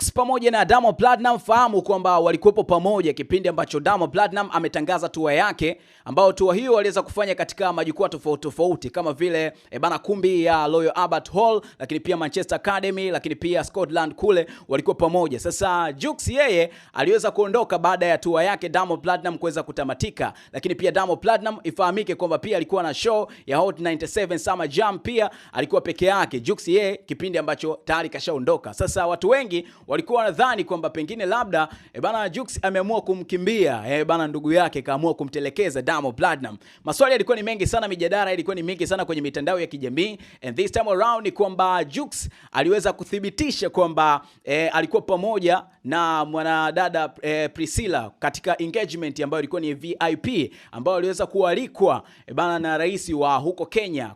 Jux pamoja na Damo Platinum, fahamu kwamba walikuwepo pamoja kipindi ambacho Damo Platinum ametangaza tua yake, ambao tua hiyo waliweza kufanya katika majukwaa tofauti tofauti kama vile e bana, kumbi ya Royal Albert Hall, lakini pia Manchester Academy, lakini pia Scotland kule walikuwa pamoja. Sasa Jux yeye aliweza kuondoka baada ya tua yake Damo Platinum kuweza kutamatika, lakini pia Damo Platinum ifahamike kwamba pia alikuwa na show ya Hot 97 Summer Jam, pia alikuwa peke yake. Jux yeye kipindi ambacho tayari kashaondoka. Sasa watu wengi walikuwa wanadhani kwamba pengine labda e bana Jux ameamua kumkimbia e bana ndugu yake kaamua kumtelekeza Damo Platinum. Maswali yalikuwa ni mengi sana, mijadala ilikuwa ni mingi sana kwenye mitandao ya kijamii and this time around ni kwamba Jux aliweza kuthibitisha kwamba e, alikuwa pamoja na mwanadada e, Priscilla katika engagement ambayo ilikuwa ni VIP ambayo aliweza kualikwa e bana na rais wa huko Kenya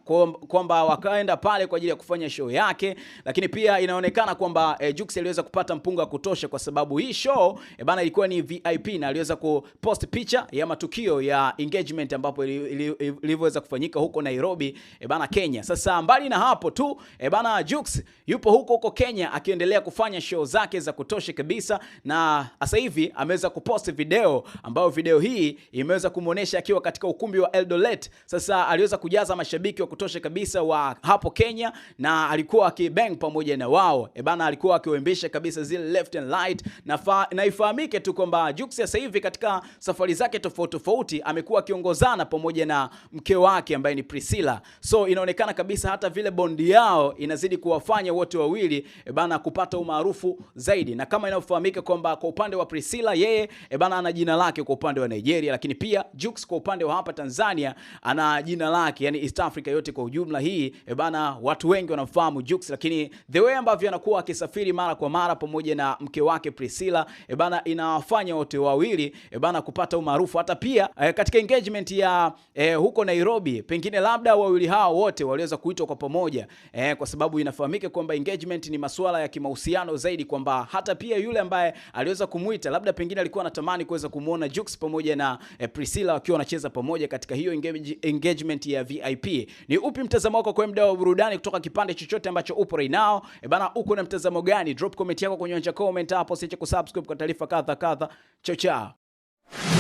kwamba kwa wakaenda pale kwa ajili ya kufanya show yake, lakini pia inaonekana kwamba e, Jux aliweza kupata mpunga wa kutosha, kwa sababu hii show e bana ilikuwa ni VIP na aliweza kupost picha ya matukio ya engagement ambapo ilivyoweza kufanyika huko Nairobi e bana Kenya. Sasa mbali na hapo tu e bana Jux yupo huko huko Kenya akiendelea kufanya show zake za kutosha kabisa, na sasa hivi ameweza kupost video ambayo video hii imeweza kumuonesha akiwa katika ukumbi wa Eldoret. Sasa aliweza kujaza mashabiki wa kutosha kabisa wa hapo Kenya na alikuwa akibang pamoja na wao e bana, alikuwa akiwembesha kabisa kabisa zile left and right, na fa, na ifahamike tu kwamba Jux sasa hivi katika safari zake tofauti tofauti amekuwa akiongozana pamoja na mke wake ambaye ni Priscilla. So inaonekana kabisa hata vile bondi yao inazidi kuwafanya wote wawili e bana kupata umaarufu zaidi, na kama inayofahamika kwamba kwa upande wa Priscilla yeye e bana ana jina lake kwa upande wa Nigeria, lakini pia Jux kwa upande wa hapa Tanzania ana jina lake, yani East Africa yote kwa ujumla hii e bana, watu wengi wanamfahamu Jux, lakini the way ambavyo anakuwa akisafiri mara kwa mara pamoja na mke wake Priscilla e bana, inawafanya wote wawili e bana kupata umaarufu hata pia e, katika engagement ya e, huko Nairobi, pengine labda wawili hao wote waliweza kuitwa kwa pamoja e, kwa sababu inafahamika kwamba engagement ni masuala ya kimahusiano zaidi, kwamba hata pia yule ambaye aliweza kumuita labda pengine alikuwa anatamani kuweza kumuona Jux pamoja na e, Priscilla wakiwa wanacheza pamoja katika hiyo engage, engagement ya VIP. Ni upi mtazamo wako kwa mda wa burudani kutoka kipande chochote ambacho upo right now? E bana, uko na mtazamo gani? Drop comment chako kunyonja comment hapo, siache kusubscribe kwa taarifa kadha kadha. Chao chao.